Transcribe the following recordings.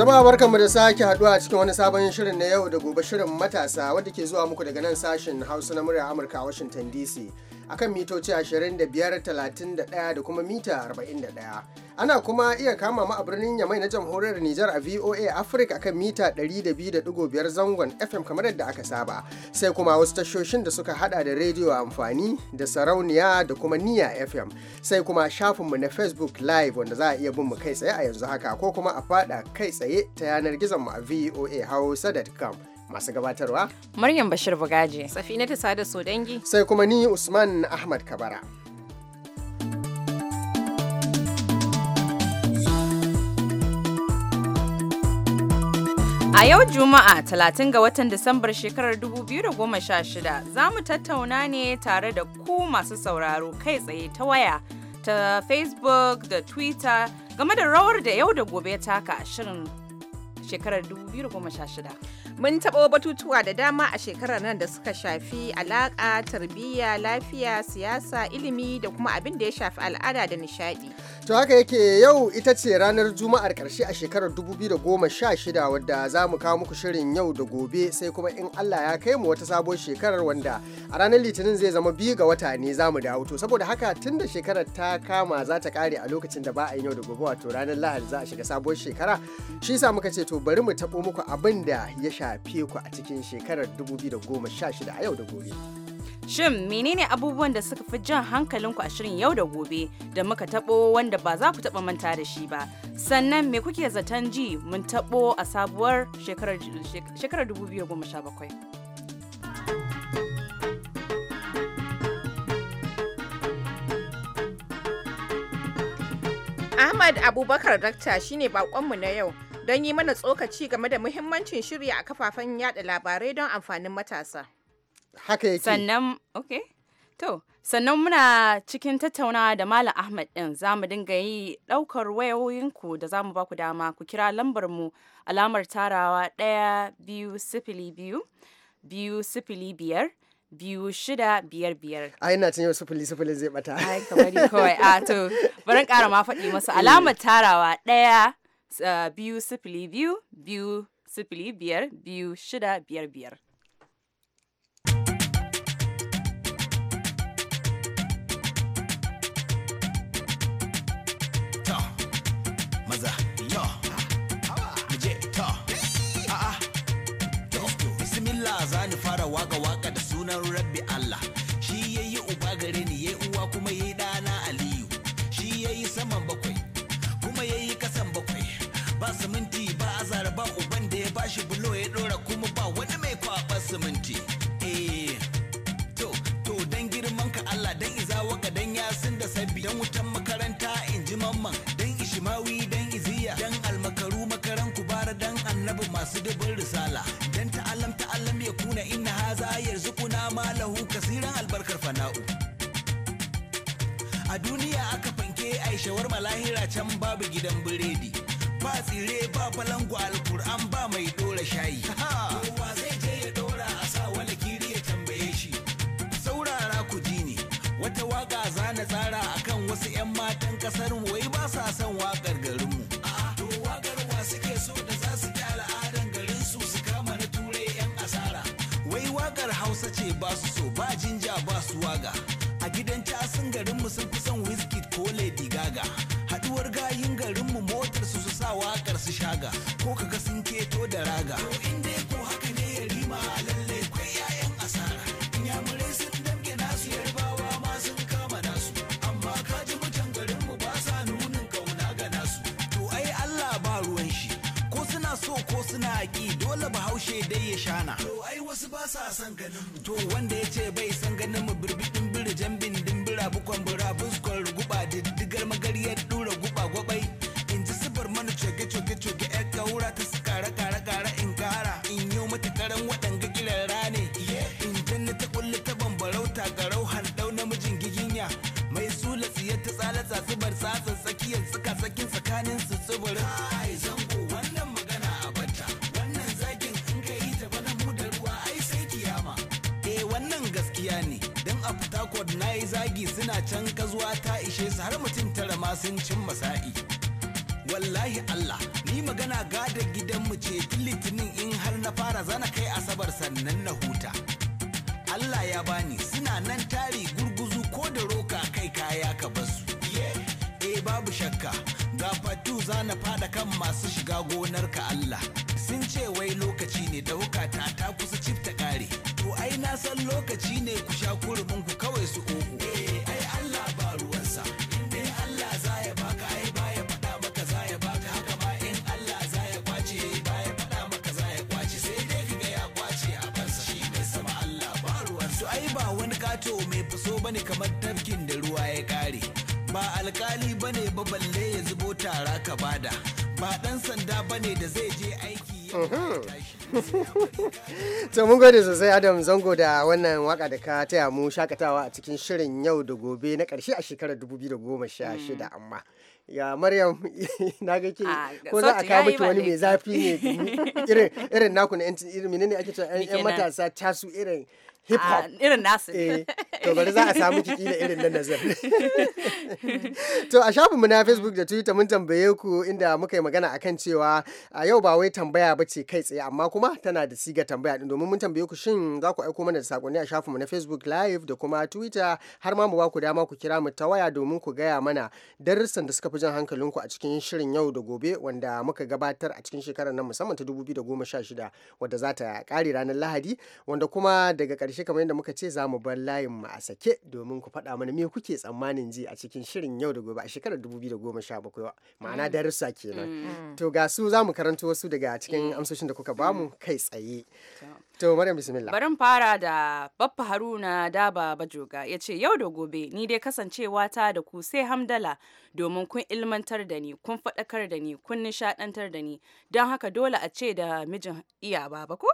Jama'a barkanmu da sake haduwa cikin wani sabon shirin na yau da gobe shirin matasa wadda ke zuwa muku daga nan sashen Hausa na murya Amurka a Washington DC. akan mitoci 25, 31 da kuma mita 41. Ana kuma iya kama mu a birnin Yamai na jamhuriyar Nijar a VOA Africa akan mita 102.5 zangon FM kamar yadda aka saba. Sai kuma wasu tashoshin da suka hada da rediyo amfani da sarauniya da kuma niya FM. Sai kuma shafinmu na Facebook Live wanda za a iya bin mu kai tsaye a yanzu haka ko kuma a fada kai tsaye ta yanar gizon mu a voa Hausa.com. masu gabatarwa Maryam Bashir Bugaje Safina ta sada Sodangi sai kuma ni Usman Ahmad Kabara A yau Juma'a 30 ga watan Disambar shekarar 2016 za mu tattauna ne tare da ku masu sauraro kai tsaye ta waya ta Facebook da Twitter game da rawar da yau da gobe taka shirin shekarar 2016. Mun taɓo batutuwa da dama a shekarar nan da suka shafi alaƙa, tarbiyya, lafiya, siyasa, ilimi da kuma abin da ya shafi al'ada da nishaɗi. To haka yake yau ita ce ranar Juma'ar ƙarshe a shekarar 2016 wadda za mu kawo muku shirin yau da gobe sai kuma in Allah ya kai mu wata sabon shekarar wanda a ranar Litinin zai zama biyu ga wata ne za mu dawo. To saboda haka tun da shekarar ta kama za ta ƙare a lokacin da ba a yi yau da gobe wato ranar Lahadi za a shiga sabon shekara. Shi sa muka ce to bari mu taɓo muku abin da ya shafi suka ku a cikin shekarar 2016 a yau da gobe. Shin menene abubuwan da suka fi jan hankalinku a shirin yau da gobe da muka tabo wanda ba za ku taba manta da shi ba? Sannan me kuke zaton ji mun tabo a sabuwar shekarar 2017? Ahmad Abubakar Dakta shine bakonmu na yau. don yi mana tsokaci game da muhimmancin shirya a kafafen yada labarai don amfanin matasa. Haka yake. Sannan, ok. To, sannan muna cikin tattaunawa da Malam Ahmad ɗin za mu dinga yi ɗaukar wayoyinku da za mu ba ku dama ku kira lambar mu alamar tarawa ɗaya biyu sifili biyu biyu sifili biyar biyu shida biyar biyar. A ina cin yau sufuli sufuli zai bata. Ai kamar kawai a to barin ƙara ma faɗi masu eh. alamar tarawa ɗaya biyu sifili biyu biyu sifili biyar biyu shida biyar biyar. maza yo muje to a'a bismillah za ni fara waka waka da sunan rabbi Allah annabi masu dubin risala dan ta'allam ta'allam ya kuna inna haza yanzu kuna malahu kasiran albarkar fana'u a duniya aka fanke ai shawar malahira can babu gidan biredi ba tsire ba falangu alkur'an ba mai dora shayi kowa zai je ya dora a sa wani kiri ya tambaye shi saurara ku ne wata waka na tsara akan wasu 'yan matan kasar mu bá sọ. suna ki dole bahaushe dai ya shana to ai wasu ba sa san ganin mu to wanda ya ce bai san ganin mu birbi birjan bindin dimbira bukon bura buskon ruguba diddigar magariyar dura guba yi zagi suna can zuwa ta ishe su har mutum tara ma sun cin masa'i wallahi Allah ni magana gada mu ce litinin in har na fara zana kai asabar sannan na huta Allah ya bani suna nan tari gurguzu ko da roka kai kaya ka basu eh babu shakka ga fatu zana fada kan masu shiga gonar ka Allah sun ce wai lokaci ne da hukata ta kusa cifta kare ku ai na san lokaci ne ku sha kurumin ku kawai su uku eh ai Allah ba ruwansa in Allah za ya baka ai ba ya faɗa maka za ya baka haka ba in Allah za ya kwace ba ya faɗa maka za ya kwace sai dai kaga ya kwace a kansa shi mai sama Allah ba ruwansa ai ba wani kato mai fuso bane kamar tafkin da ruwa ya kare ba alkali bane ba balle ya zubo tara ka bada ba dan sanda bane da zai je aiki to mun gode sosai adam zango da wannan waka da ka taya mu shakatawa a cikin shirin yau da gobe na karshe a shekarar 2016 mm. amma ya maryam na ga ke ah, ko za a kawo miki wani mai zafi ne irin naku na irin menene ake cewa yan matasa tasu irin hip hop ah, irin nasu eh, to bari za a samu kiki da irin nan nazar to a shafinmu na facebook da twitter mun tambaye ku inda muka yi magana akan cewa a yau ba wai tambaya ba ce kai tsaye amma kuma tana da siga tambaya din domin mun tambaye ku shin za ku aiko mana da sakonni a mu na facebook live da kuma twitter har ma mu ba ku dama ku kira mu ta waya domin ku gaya mana darussan da suka fi jan hankalinku a cikin shirin yau da gobe wanda muka gabatar a cikin shekarar nan musamman ta 2016 wadda za ta kare ranar lahadi wanda kuma daga karshe kamar yadda muka ce za mu bar layin mu a sake domin ku faɗa mana me kuke tsammanin ji a cikin shirin yau da gobe a shekarar 2017 ma'ana mm. darussa kenan. Mm. Mm. To ga su za mu karanto wasu daga cikin eh. amsoshin da kuka bamu kai tsaye. To Maryam bismillah. Barin fara da Baffa Haruna Daba Bajoga ya ce yau da gobe ni dai kasancewa ta da ku sai hamdala domin kun ilmantar da ni kun faɗakar da ni kun nishaɗantar da ni don haka dole a ce da mijin iya baba ko?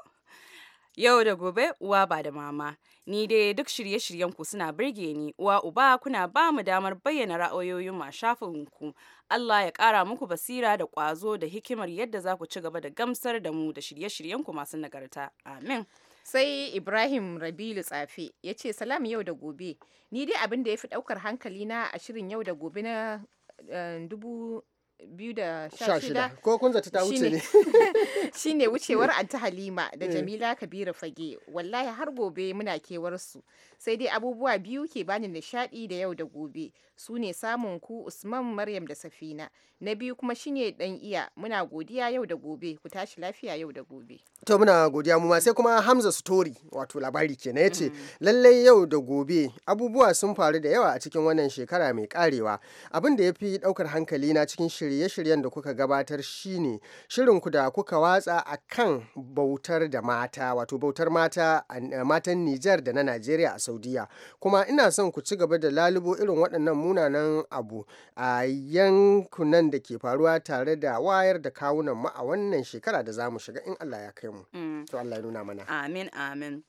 Yau da gobe uwa ba da mama. Ni dai duk shirye-shiryen ku suna birge ni, uwa uba kuna ba mu damar bayyana ra'ayoyin ma shafin ku. Allah ya kara muku basira da ƙwazo da hikimar yadda za ku ci gaba da gamsar da mu da shirye-shiryen ku masu nagarta. Amin. sai ibrahim rabilu tsafe ya ce salam yau da gobe ni dai abin da ya fi daukar hankali na a shirin yau da gobe na eh, dubu shida ko kun ta wuce ne shine wucewar anti halima da eh. jamila kabiru fage wallahi har gobe muna kewar su sai dai abubuwa biyu ke bani nishaɗi da yau da gobe su ne samun ku usman maryam da safina na biyu kuma shine dan iya muna godiya yau da gobe ku tashi lafiya yau da gobe to muna godiya mu ma sai kuma hamza story wato labari kenan yace mm. lallai yau da gobe abubuwa sun faru da yawa a cikin wannan shekara mai karewa abin da ya fi daukar hankali na cikin shirye-shiryen da kuka gabatar shine shirin ku da kuka watsa akan bautar da mata wato bautar mata matan Nijar da na Najeriya saudiya kuma ina son ku ci gaba da lalubo irin waɗannan munanan abu a yankunan da ke faruwa tare da wayar da kawunan mu a wannan shekara da zamu shiga in allah ya kai mu mm. to allah ya nuna mana amin amin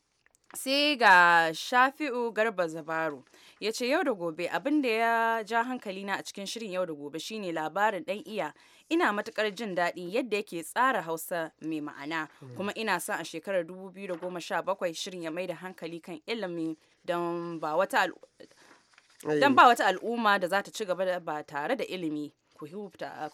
sai ga shafi'u garba zabaru ya ce yau da gobe abin da ya ja hankali na a cikin shirin yau da gobe shine labarin dan iya ina matukar jin daɗi yadda yake tsara hausa mai ma'ana hmm. kuma ina sa a shekarar 2017 shirin ya mai da hankali kan ilimi don ba wata al'umma da za ta ci gaba ba tare da ilimi ku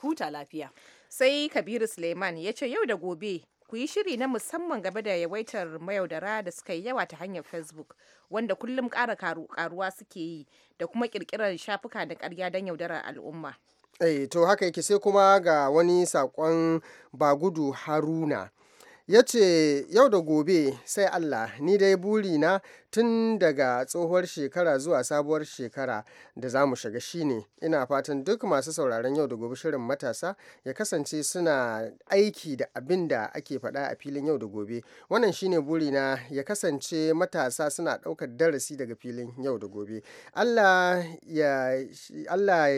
huta lafiya sai kabiru suleiman ya ce yau da gobe ku yi shiri na musamman gaba da yawaitar mayaudara da suka yi yawa ta hanyar facebook wanda kullum kara karuwa suke yi da kuma ƙirƙirar shafuka na karya don yaudarar al'umma Eh, to haka yake sai kuma ga wani saƙon bagudu haruna ya ce yau da gobe sai allah ni dai buri na tun daga tsohuwar shekara zuwa sabuwar shekara da za mu shiga shine ina fatan duk masu sauraron yau da gobe shirin matasa ya kasance suna aiki da abin da ake faɗa a filin yau da gobe wannan shine burina ya kasance matasa suna ɗaukar darasi daga filin yau da gobe allah ya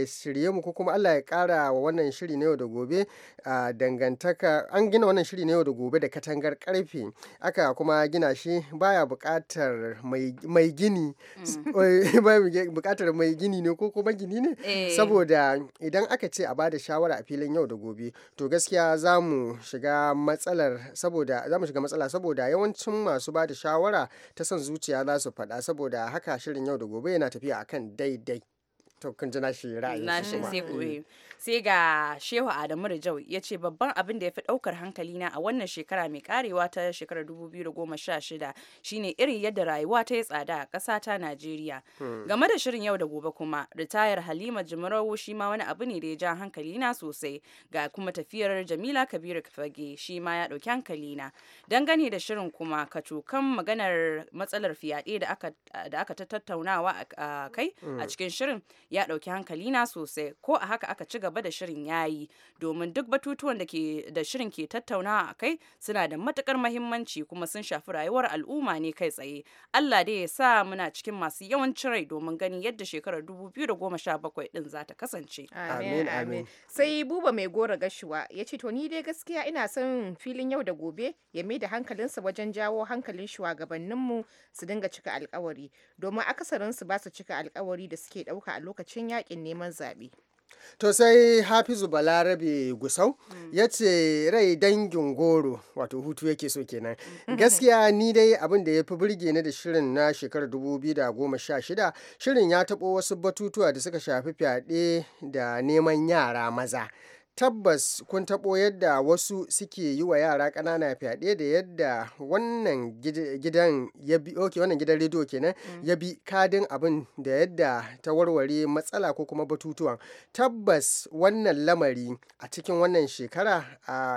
shirye mu ko kuma allah ya ƙara wa wannan shiri na yau da gobe ah, dangantaka an gina wannan shiri na yau da gobe da katangar karfe aka kuma gina shi baya bukatar mai gini mm. bukatar mai gini ne ko kuma gini ne eh. saboda idan aka ce a bada shawara a filin yau da gobe to gaskiya za mu shiga matsalar saboda za mu shiga matsala saboda yawancin masu ba da shawara ta son zuciya za su faɗa saboda haka shirin yau da gobe yana tafiya akan daidai to kun ji nashi ra'ayi nashi sai ku mm. sai ga Shehu Adamu Rajau ya ce babban abin da ya fi daukar hankali na a wannan shekara mai karewa ta shekarar 2016 shine irin yadda rayuwa ta yi tsada a ƙasa ta Najeriya mm. game da shirin yau da gobe kuma ritayar Halima jimarau shi ma wani abu ne da ya ja hankali na sosai ga kuma tafiyar Jamila Kabiru Fage shi ma ya ɗauki na dangane da shirin kuma kacokan maganar matsalar fyaɗe da aka tattaunawa a kai a mm. cikin shirin ya ɗauki hankali na sosai ko a haka aka ci gaba da shirin yayi domin duk batutuwan da, ke, da shirin ke tattaunawa a kai suna da matukar mahimmanci kuma sun shafi rayuwar al'umma ne kai tsaye Allah dai ya sa muna cikin masu yawan cirai domin ganin yadda shekarar 2017 din za ta kasance amin amin sai buba mai gora gashuwa ya ce to ni dai gaskiya ina son filin yau da gobe ya mai da hankalinsa wajen jawo hankalin shugabanninmu su dinga cika alkawari domin akasarinsu ba su cika alkawari da suke dauka a lokacin lokacin yakin neman zaɓe. To sai Hafizu Balarabe Gusau ya ce rai dangin goro wato hutu yake so kenan. Mm. Gaskiya ni dai abin da ya fi burge ni da shirin na shekarar 2016 shirin ya taɓo wasu batutuwa da suka shafi fyaɗe da neman yara maza. tabbas kun taɓo yadda wasu suke yi wa yara ƙanana fyaɗe da yadda wannan gidan ya bi wannan gidan rediyo kenan mm. ya bi kadin abin da yadda ta warware matsala ko kuma batutuwan tabbas wannan lamari a cikin wannan shekara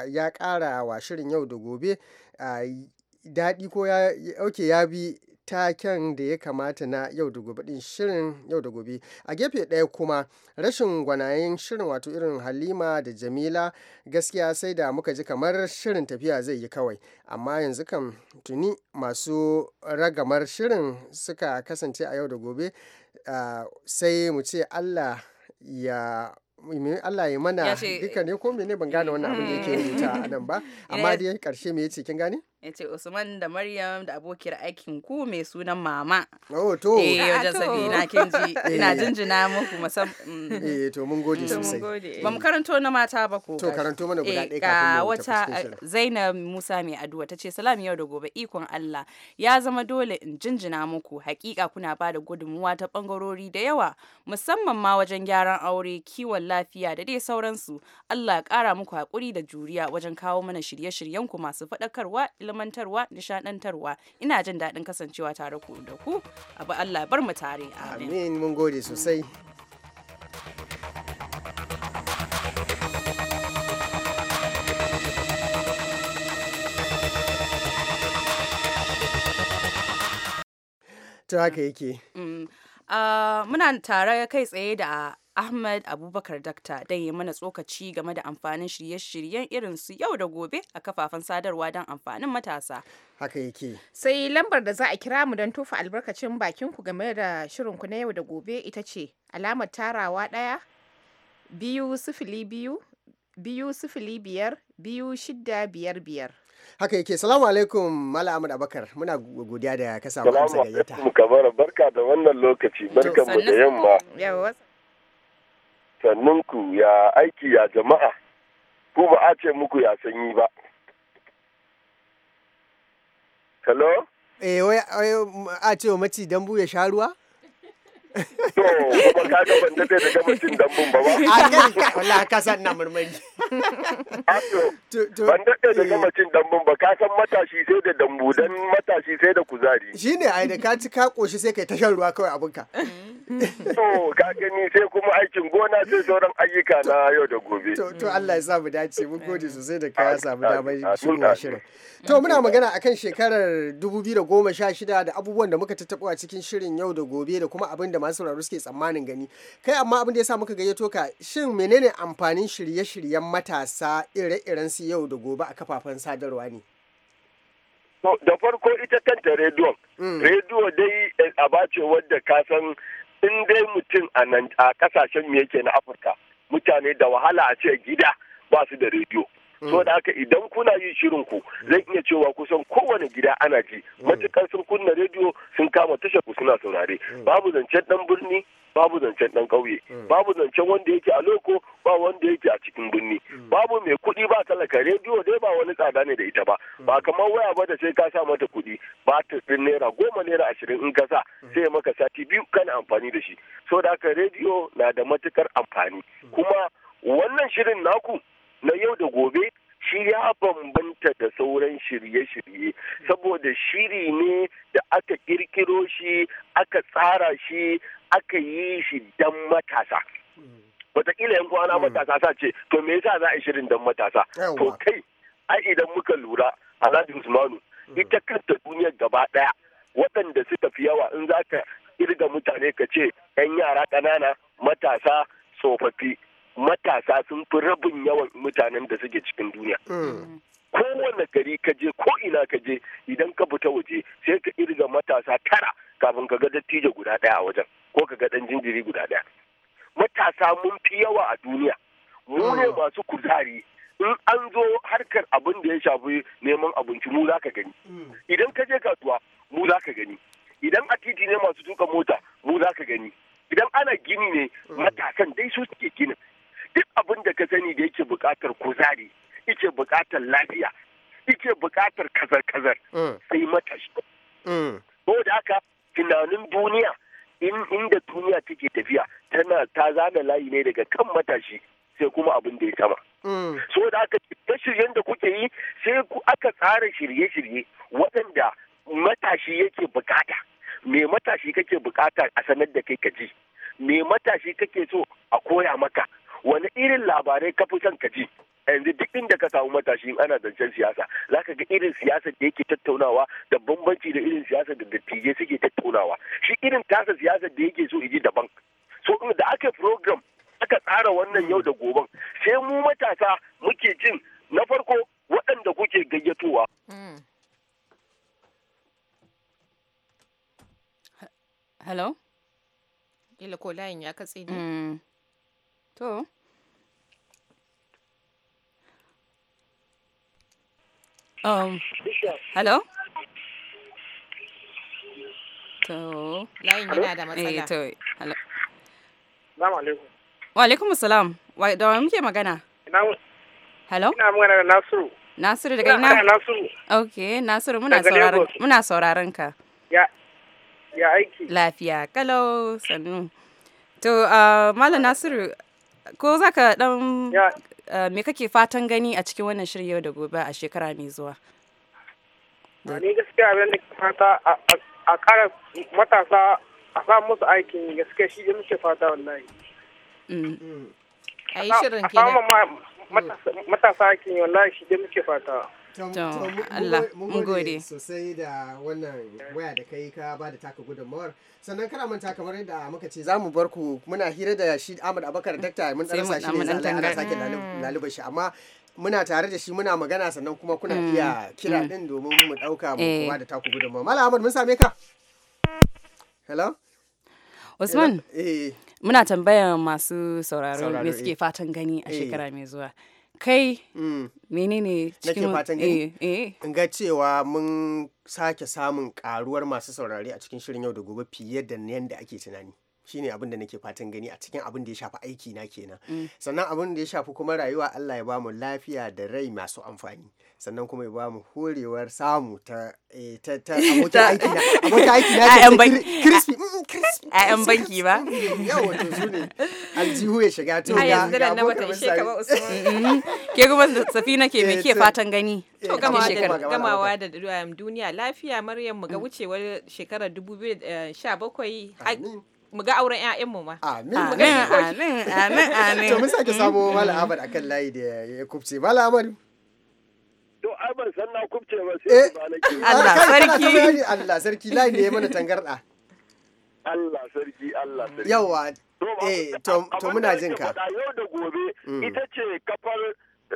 ya ƙara wa shirin yau da gobe daɗi ko ya ya bi taken da ya kamata na yau da gobe din shirin yau da gobe a gefe ɗaya kuma rashin gwanayen shirin wato irin halima da jamila gaskiya sai da muka ji kamar shirin tafiya zai yi kawai amma yanzu kan tuni masu ragamar shirin suka kasance a yau da gobe ah, sai mu ce allah ya Allah ya mana duka ne ko mene ban gane wannan abin da yake hmm. rubuta a nan ba amma dai karshe me yace kin gane ya ce usman da maryam da abokiyar aikin ku mai sunan mama oh, to eh, ah, wajen ina eh. jinjina muku ba mu karanto na mata ba ko to karanto mana guda eh, ɗaya ka wata zainab musa mai addu'a ta ce salam yau da gobe ikon allah ya zama dole in jinjina muku hakika kuna ba da gudunmuwa ta bangarori da yawa musamman ma wajen gyaran aure kiwon lafiya da dai sauransu allah ya kara muku hakuri da juriya wajen kawo mana shirye-shiryen ku masu faɗakarwa ilmantarwa nishadantarwa ina jin daɗin kasancewa tare ku da ku abu Allah bar mu tare amin mun gode sosai ta haka yake mm. Mm. Ah, muna tare kai tsaye da Ahmad Abubakar Dakta dan yi mana tsokaci game da amfanin shirye-shiryen irin su yau da gobe a kafafen sadarwa don amfanin matasa. Haka yake. Sai lambar da za a kira mu don tofa albarkacin bakin ku game da shirin ku na yau da gobe ita ce alamar tarawa ɗaya biyu sifili biyu biyu sifili biyar biyu shida biyar biyar. haka yake salamu alaikum mala ahmad abakar muna godiya da ka samu amsa gayyata salamu alaikum kamar barka da wannan lokaci barka mu da yamma sannunku ya aiki ya jama'a ku ba a ce muku ya sanyi ba hello eh a ce wa maci dambu ya sha ruwa To, kuma ka ga ban dade da gabacin dambun ba ba. A kai wallahi ka san na murmuri. Ban dade da eh. gabacin dambun ba ka san matashi sai da dambu dan matashi sai da kuzari. shi Shine ai da ka ci ka koshi sai kai ta shan ruwa kawai abinka. To, ka gani sai kuma aikin gona sai sauran ayyuka na yau da gobe. To, Allah ya sa mu dace mun gode sosai da ka samu damar shigowa shirin. To, muna magana akan shekarar 2016 da abubuwan da muka tattaɓa cikin shirin yau da gobe da kuma abin da masu sauraro suke tsammanin gani kai amma abin da ya sa muka gayyato ka shin menene amfanin shirye-shiryen matasa ire-iren su yau da gobe a kafafen sadarwa ne da farko ita kanta rediyon mm. rediyo dai eh, aba ce wadda ka san in dai mutum a kasashen mu yake na afirka mutane da wahala a ce gida ba su da rediyo Mm. so da haka idan kuna yin shirin ku mm. zai iya cewa kusan kowane gida ana ji mm. matukar sun kunna rediyo sun kama tashar ku suna saurare babu zancen dan birni babu zancen dan kauye babu zancen wanda yake a loko ba wanda yake a cikin birni babu mai kuɗi ba talaka rediyo dai ba wani tsada ne da ita ba ba kamar waya ba da sai ka sa mata kuɗi ba ta naira goma naira ashirin in ka sa sai maka sati biyu kana amfani da shi so da haka rediyo na da matukar amfani kuma wannan shirin naku na yau da gobe shi ya bambanta da sauran shirye-shirye saboda shiri ne da aka kirkiro shi aka tsara shi aka yi shi don matasa wataƙila yan kwana hmm. matasa sa ce to me yasa za a yi shirin don matasa to kai ai idan muka lura alhaji usmanu hmm. ita kanta duniyar gaba ɗaya waɗanda suka fi yawa in za ka kirga mutane ka ce yan yara ƙanana matasa tsofaffi matasa sun fi rabin yawan mutanen da suke cikin duniya. Kowane gari ka je ko ina ka je idan ka fita waje sai ka irga matasa tara kafin ka ga dattijo guda ɗaya a wajen ko ka ga ɗan jinjiri guda ɗaya. Matasa mun fi yawa a duniya. Mu ne hmm. masu kuzari in an zo harkar abin da ya shafi neman abinci mu za ka gani. Hmm. Idan ka je kasuwa mu za ka gani. Idan a titi ne masu tuka mota mu za ka gani. Idan ana gini ne hmm. matasan dai su suke ginin. duk abin da ka sani da yake buƙatar kuzari yake buƙatar lafiya yake buƙatar kazar-kazar mm. sai matashi mm. da haka tunanin duniya inda duniya take tafiya tana ta zana layi ne daga kan matashi sai kuma abin da ya sama. Mm. So da aka ta shiryen da kuke yi sai aka tsara shirye-shirye waɗanda matashi yake bukata. Me matashi kake bukata a sanar da kai ka ji. Me matashi kake so a koya maka. wani irin labarai ka son ka ji yanzu duk inda ka samu matashi ana zancen siyasa za ka ga irin siyasa da yake tattaunawa da bambanci da irin siyasa da dattijai suke tattaunawa shi irin tasa siyasa da yake so iji daban so da aka program aka tsara wannan yau da goben sai mu matasa muke jin na farko waɗanda kuke gayyatowa hello ila ko layin ya katse ne to um hello to layin yana da matsala eh to hello assalamu alaikum wa alaikum assalam wa da wa muke magana ina hello ina magana da Nasiru Nasiru daga ina Nasiru okay Nasiru muna sauraron muna sauraron ka ya ya aiki lafiya kalau sannu to uh, malam Nasiru ko za ka dan eh, me kake fatan gani a cikin wannan shirin yau da gobe a shekara mai zuwa ni gaskiya abin da fata a kara matasa a sa musu aikin gaskiya shi da muke fata wallahi mm. Mm. a yi shirin kenan mm. matasa aikin wallahi shi da muke fata Allah mun gode sosai da wannan waya da kai ka ba da taka gudunmawar sannan kana manta kamar yadda muka ce za mu bar ku muna hira da shi Ahmad Abakar mm. dakta mun dan sa shi ne sai sake laluba shi amma muna tare da shi muna magana sannan kuma kuna mm. iya kira din mm. domin mu dauka mu kuma eh. da taku gudunmawar Malam Ahmad mun same ka Hello Usman eh muna tambayar masu sauraro me suke eh. fatan gani a eh. shekara mai zuwa kai mm. menene cikin fatan eh, eh. in ga cewa mun sake samun karuwar masu saurari a cikin shirin yau da gobe fiye da yadda ake tunani shine abin da nake fatan gani a cikin abin da ya shafi aiki na kenan mm. sannan abin da ya shafi kuma rayuwa Allah ya bamu lafiya da rai masu amfani sannan kuma ya bamu horewar samu ta eh, ta ta abokin aiki na abokin aiki na crispy a yan banki ba yawa to su ne aljihu ya shiga to ga ga abokin sai mm-hmm. ke kuma safina ke me eh, ke fatan gani eh, to gamawa da duniya lafiya maryam mu ga mm. wucewar shekarar 2017 mu ga auren 'ya'yanmu ma. Amin, amin, amin, amin. To mun sake samu Malam mm. Ahmad akan layi da ya kubce. Malam Ahmad. To ai ban san na kubce ba sai eh. Allah sarki. Allah sarki ne mana tangarda. Allah sarki Allah sarki. Yawa. Eh to muna jin ka. Yau da gobe mm. ita ce kafar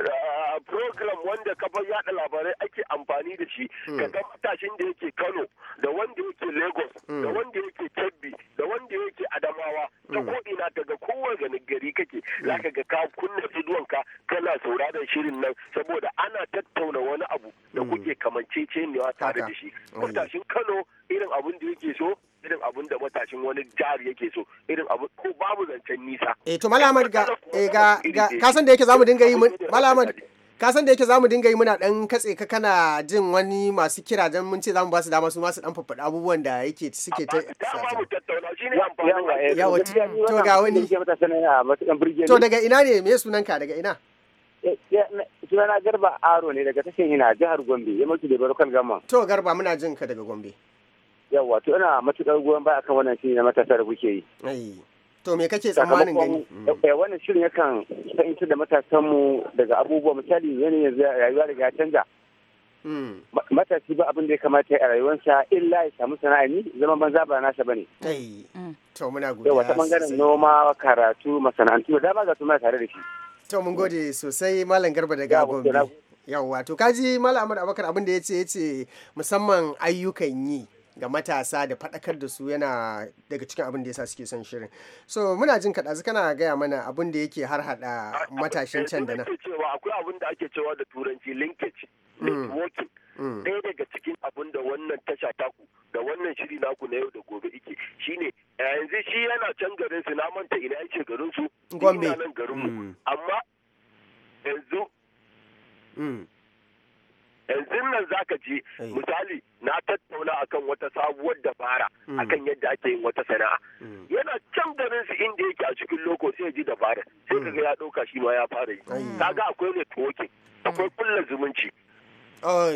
ah, program wanda kafar yada labarai ake amfani da shi mm. ga matashin da yake Kano da wanda yake Lagos da mm. wanda yake kawai ga gari kake mm. zaka ga ka kunna idon ka kana sauraron shirin nan saboda ana tattauna wani abu da mm. kuke kamanceceniya tare da shi matashin Kano irin abun da yake so irin abun da matashin wani jihar yake so irin abu ko babu zancen nisa eh to malamar ga eh, ga kasan da yake zamu dinga yi malamar ka san da yake zamu dinga yi muna dan katse ka kana jin wani masu kira dan mun ce zamu ba su dama su ma su dan faɗa abubuwan da yake suke ta yawa eh, to ga wani to daga ina ne me sunanka daga ina eh, sunana garba aro ne daga tashin ina jihar gombe ya mutu da barkan gama to garba muna jin ka daga gombe yawa to ina matukar goyon baya akan wannan shi na matasa da kuke yi To me kake tsammanin gani? Wannan shirin yakan fahimtar da matasanmu daga abubuwa misali yanayin yanzu rayuwa daga ya canja. Hmm. Matashi ba abin da ya kamata a rayuwarsa illa ya samu sana'a ni zama banza ba nasa bane. Kai. Hmm. To muna godiya. Yawa ta bangaren noma, karatu, masana'antu da dama ga su tare da shi. To mun gode sosai Malam Garba daga Gombe. Yawwa to kaji Malam Ahmad Abubakar abin da ya ce ya ce musamman ayyukan yi. ga matasa da faɗakar da su yana daga cikin abin da yasa suke son shirin so muna jin kaɗa kana gaya mana abin da yake har hada matashin can da nan akwai abin da ake cewa da turanci linkage mm. networking mm. ɗaya daga cikin abin da wannan tasha taku da wannan shiri naku na yau da gobe ike shine yanzu shi yana can garin su na manta ina yake garin su gombe mm. amma yanzu yanzu nan zaka ji eh. misali na tattauna akan wata sabuwar dabara hmm. akan yadda ake yin wata sana'a hmm. yana can ganin su inda yake a cikin loko sai ji dabara sai kaga hmm. ya dauka shi ma ya fara yi kaga akwai networking akwai kulla zumunci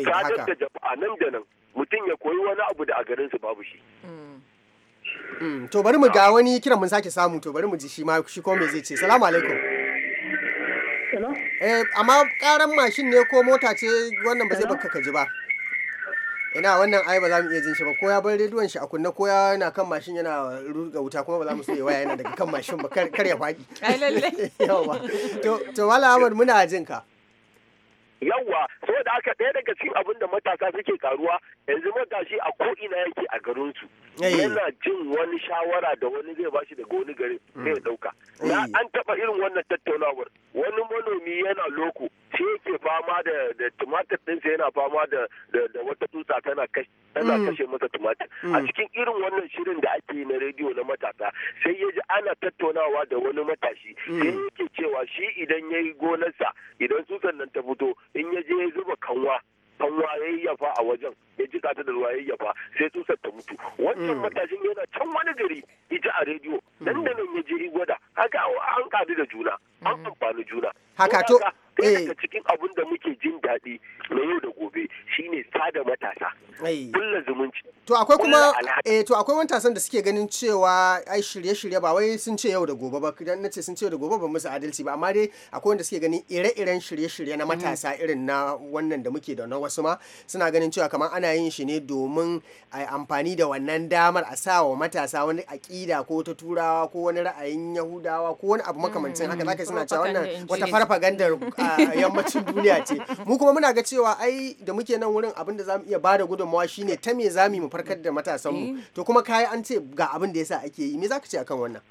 sadar da jama'a nan da nan mutum ya koyi wani abu da a garin su babu shi to bari mu ga wani kiran mun sake samu to bari mu ji shi ma shi ko me zai ce salamu alaikum eh amma karan mashin ne ko mota ce wannan ba zai baka ka ba ina wannan ai ba za mu iya jin shi ba ko ya bar rediyon shi a kunna ko ya yana kan mashin yana ruga wuta kuma ba za mu so ya waya yana daga kan mashin ba kar ya faɗi ai lalle yawa to to wala Ahmad muna jin ka yawwa saboda aka ɗaya daga cikin abin da matasa suke karuwa yanzu matashi a ko ina yake a garin su yana jin wani shawara da wani zai bashi daga wani gari zai mm. ya dauka na an taba irin wannan tattaunawar wani manomi yana loko sai yake fama da da tumatir dinsa yana fama da da wata tsutsa tana mm. kashe masa tumatir a mm. cikin irin wannan shirin da ake na rediyo na matasa sai ya ji ana tattaunawa da wani matashi sai yake cewa shi idan ya yi gonarsa idan tsutsan nan ta fito in ya je ya zuba kanwa fa ruwa a wajen ya ji ta da ruwa sai tusar ta mutu wancan mm. matashin yana can wani gari ita a rediyo nan mm. da nan ya je gwada haka an kadu da juna an mm. amfani juna haka to ɗaya eh. daga cikin abun da muke jin daɗi na yau da gobe shine sada matasa bulla eh. zumunci to akwai kuma eh to akwai tasan da suke ganin cewa ai shirye-shirye ba wai sun ce yau da gobe ba kidan nace sun ce yau da gobe ba musu adalci ba amma dai akwai wanda suke ganin ire-iren shirye-shirye na mm. matasa irin na wannan da muke da na wasu ma suna ganin cewa kamar ana yin shi ne domin a amfani da wannan damar a sa wa matasa wani aƙida ko ta turawa ko wani ra'ayin yahudawa ko wani abu makamancin haka zaka suna mm. cewa wannan wata farfagandar yammacin duniya ce mu kuma muna ga cewa ai da muke nan wurin abin da zamu iya bada gudunmawa shine ta me zamu mu farkar da matasan mu eh. to kuma kai an ce ga abin da yasa ake yi me zaka ce akan wannan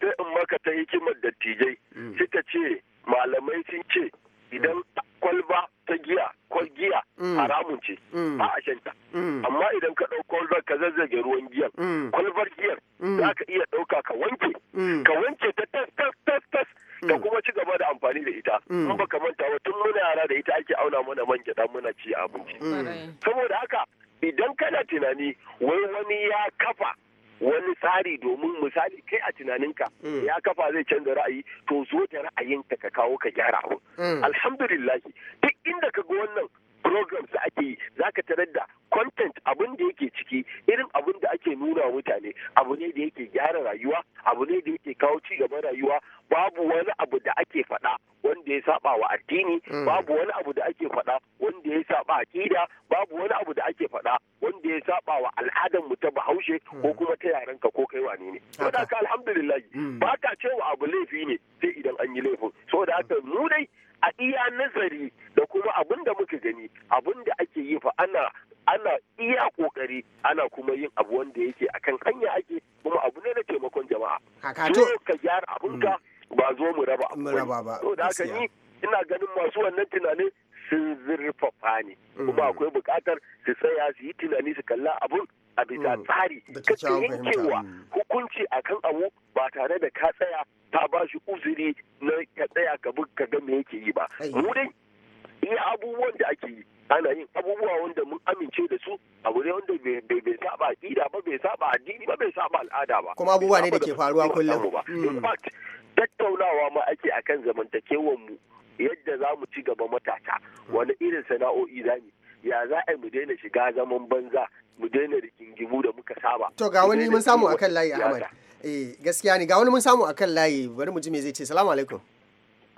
sai in maka ta hikimar dattijai mm. suka ce malamai sun ce idan kwalba ta giya giya mm. haramun ce ba mm. a shanta amma idan ka ɗau kwalbar ka zazzage ruwan giyar kwalbar giyar za ka iya ɗauka ka wanke ka wanke ta tas tas tas tas ka mm. kuma ci gaba da amfani da ita in mm. ka manta ba tun muna yara da ita ake auna mana man gyaɗa muna ci abinci mm. saboda haka idan kana tunani wai wani ya kafa wani tsari domin misali kai a tunaninka ya kafa zai canza ra'ayi to zo da ra'ayinka ka kawo ka gyara abu alhamdulillah duk inda ka ga wannan programs da ake yi za ka tarar da content abin da yake ciki irin abin da ake nuna wa mutane abu ne da yake gyara rayuwa abu ne da yake kawo ci gaban rayuwa babu wani abu da ake faɗa wanda ya saba wa addini hmm. babu wani abu da ake faɗa wanda ya saba akida babu wani abu da ake faɗa wanda ya saba wa al'adan mu ta bahaushe ko hmm. kuma ta yaran ka ko kai wane ne saboda ka alhamdulillah hmm. ba ka cewa abu laifi ne sai idan an yi laifin saboda haka mu dai a iya nazari da kuma abin da muka gani abin da ake yi fa ana ana iya kokari ana kuma yin abu wanda yake akan hanya ake kuma abu ne na taimakon jama'a to ka gyara ka mm. ba zo mu raba abu ba to da haka ni ina ganin masu wannan tunanin sun zurfafa ne kuma mm. akwai bukatar su tsaya su yi tunani su kalla abun a bisa mm. tsari kake yankewa hukunci akan abu ba tare da ka tsaya ta ba shi uzuri na ka tsaya ka bi ka ga me yake yi ba mu dai iya abubuwan da ake yi ana yin abubuwa wanda mun amince da su a ne wanda bai saba aƙida ba bai saba addini ba bai saba al'ada ba kuma abubuwa ne da ke faruwa kullum hmm. tattaunawa ma ake akan zamantakewan mu yadda za mu ci gaba matasa wani irin sana'o'i za mu ya za a mu daina shiga zaman banza mu daina rigingimu da muka saba to ga wani mun samu akan layi ahmad eh gaskiya ne ga wani mun samu akan layi bari mu ji me zai ce salamu alaikum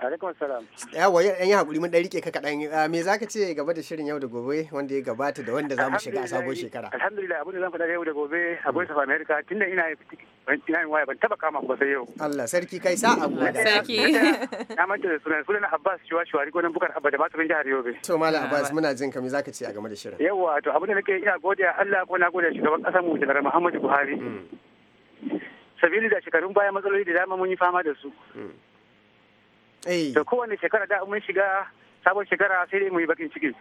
alaikum salam yawa yan yi hakuri mun dan ke ka kaɗan ah, me za ka ce gaba da shirin yau da gobe wanda ya gabata da wanda za mu shiga a sabon shekara alhamdulillah abin da zan faɗa yau da gobe a voice of america tun ina ina yin waya ban taba kama ba sai yau Allah sarki kai sa a gobe. sarki na manta da sunan sunan Abbas Shuwa Shuwa riko nan bukar abba da ba su jihar Yobe to malam Abbas muna jin ka me za ka ce a game da shirin yawa to abin da nake ina godiya Allah ko na godiya shugaban ƙasar mu Janar Muhammadu Buhari hmm. sabili da shekarun baya matsaloli da dama mun yi fama da su hmm. Eh. to kowane shekara da mun shiga sabon shekara sai dai mu yi bakin ciki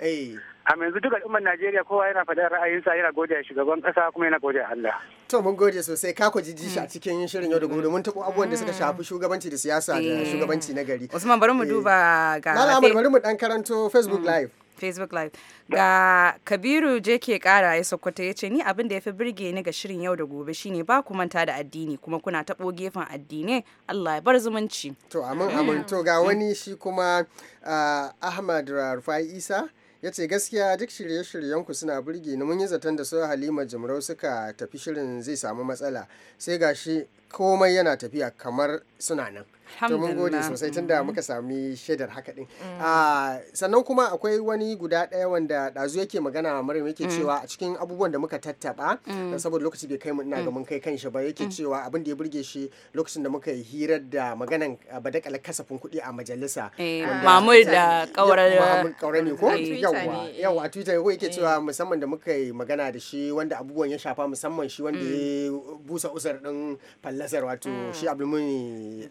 eh. a yanzu duk al'ummar Najeriya kowa yana faɗin ra'ayinsa yana gode a shugaban ƙasa kuma yana a Allah. To mun gode sosai ka ku jiji shi a hmm. cikin shirin yau da gobe mun tabo abubuwan da suka hmm. shafi shugabanci da siyasa da eh. shugabanci na gari. Usman bari mu eh. duba ga Lala Amar bari mu dan karanto Facebook hmm. live. Facebook live ga Kabiru je ke kara ya sokoto ya ce ni abin da ya fi birge ni ga shirin yau da gobe shine ba ku manta da addini kuma kuna taɓo gefen addinai Allah ya bar zumunci. To amin amin to ga wani shi kuma ah, Ahmad Rufai Isa ya ce gaskiya duk shirye-shiryenku suna burge ni mun yi zaton da su halima jimrau suka tafi shirin zai samu matsala sai gashi komai yana tafiya kamar suna nan to mun gode sosai tunda mm. muka sami shaidar haka din mm. ah, sannan kuma akwai wani guda ɗaya wanda ɗazu yake magana maryam yake mm. cewa a cikin abubuwan da muka tattaba saboda lokaci bai kai mu ina ga mun kai kanshi ba yake cewa abin da ya burge shi lokacin da muka yi hirar da maganan ah, badakalar kasafin kuɗi a majalisa eh, mamur da kaurar ne ko yawwa a twitter ko yake eh. cewa musamman da muka yi magana da shi wanda abubuwan ya shafa musamman shi wanda ya busa usar din lazar wato mm. shi abdulmuni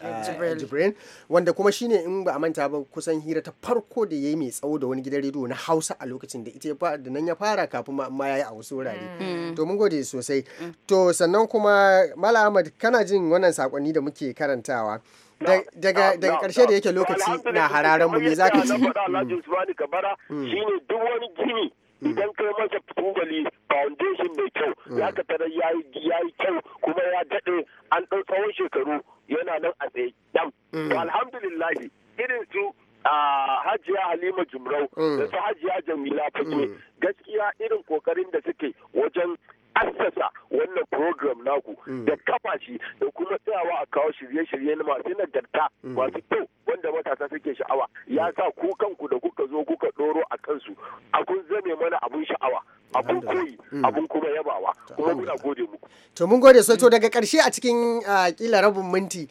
jibrin uh, wanda kuma shine in ba a manta ba kusan hira ta farko da yayi mai tsawo da wani gidan rediyo na hausa a lokacin da ita da nan ya fara kafin ma ya yi a wasu wurare mm. Mm. to mun gode sosai to sannan kuma mala ahmad kana jin wannan sakonni da muke karantawa daga daga karshe da yake lokaci na hararen mu me zaka ci? shine duk wani gini Mm. idan kai masa tubali foundation mai kyau ya mm. ka tarar ya yi kyau kuma ya daɗe an ɗau tsawon shekaru yana nan a tsaye dam mm. alhamdulillah irin su a ah, hajiya halima jumrau da su hajiya jamila fage gaskiya irin kokarin da suke wajen assasa wannan program naku da kafa shi da kuma tsayawa a kawo shirye-shirye na masu nagarta masu kyau wanda matasa suke sha'awa ya mm. sa ku kanku da kuka zo kuka ɗoro a kansu a kun zame mana abun sha'awa abun koyi mm. abun kuma yabawa kuma muna gode muku to mun gode so to daga karshe a cikin kila rabin minti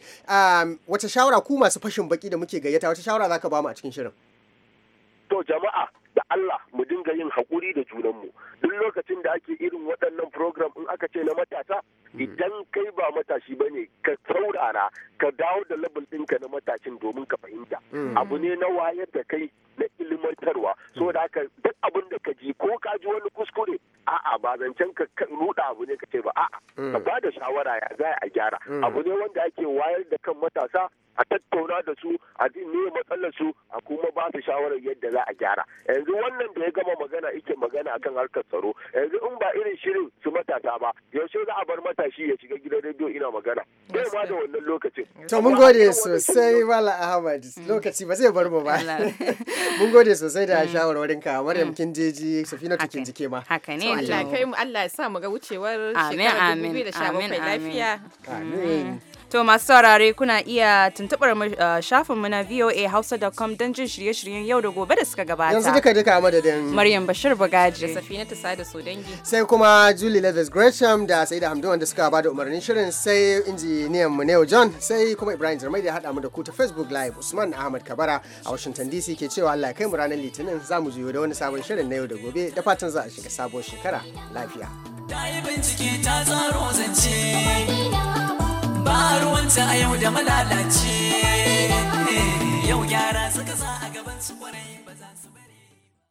wata shawara ku masu fashin baki da muke gayyata wata shawara zaka ba mu a cikin shirin to jama'a da Allah mu dinga yin hakuri da junanmu tun lokacin da ake irin waɗannan program in aka ce na matasa hmm. idan kai ba matashi ba ne ka saurara ka dawo da label ɗinka na matashin domin ka fahimta hmm. abu ne na wayar da kai na ilimantarwa so hmm. da haka duk abin da ka ji ko ka ji wani kuskure a'a ba zancen ka ruda abu ne ka ce ba a'a ka ba da shawara ya za a gyara abu ne wanda ake wayar da kan matasa a tattauna da su a ne matsalar su a kuma ba su shawarar yadda za a gyara yanzu wannan da ya gama magana ike magana akan harkar tsaro yanzu in ba irin shirin su matasa ba yaushe za a bar matashi ya shiga gidan rediyo ina magana bai ma da wannan lokacin to mun gode sosai wala ahmad mm. lokaci ba zai bar mu ba mun gode sosai da mm. shawarwarin ka maryam mm. kin jeji safina tukin jike ma haka ne Allah ya sa mu ga wucewar shekara 2017 lafiya amin To masu saurare kuna iya tuntubar uh, shafinmu na VOA Hausa.com don jin shirye-shiryen yau da gobe da suka gabata. Yanzu duka duka a madadin. Maryam Bashir Bagaji. Da Safina Tusa da Sodangi. Sai kuma Julie Leathers Gresham da Saida Hamdu wanda suka bada umarnin shirin sai injiniyan mu Neo John sai kuma Ibrahim Jarmai da haɗa mu da ku ta Facebook Live Usman Ahmad Kabara a Washington DC ke cewa Allah kai mu ranar Litinin za mu juyo da wani sabon shirin na yau da gobe da fatan za a shiga sabon shekara lafiya. Ta yi bincike ta zaro zance. ba ruwanta a yau da malalaci eh, yau gyara suka sa a gaban su kwarai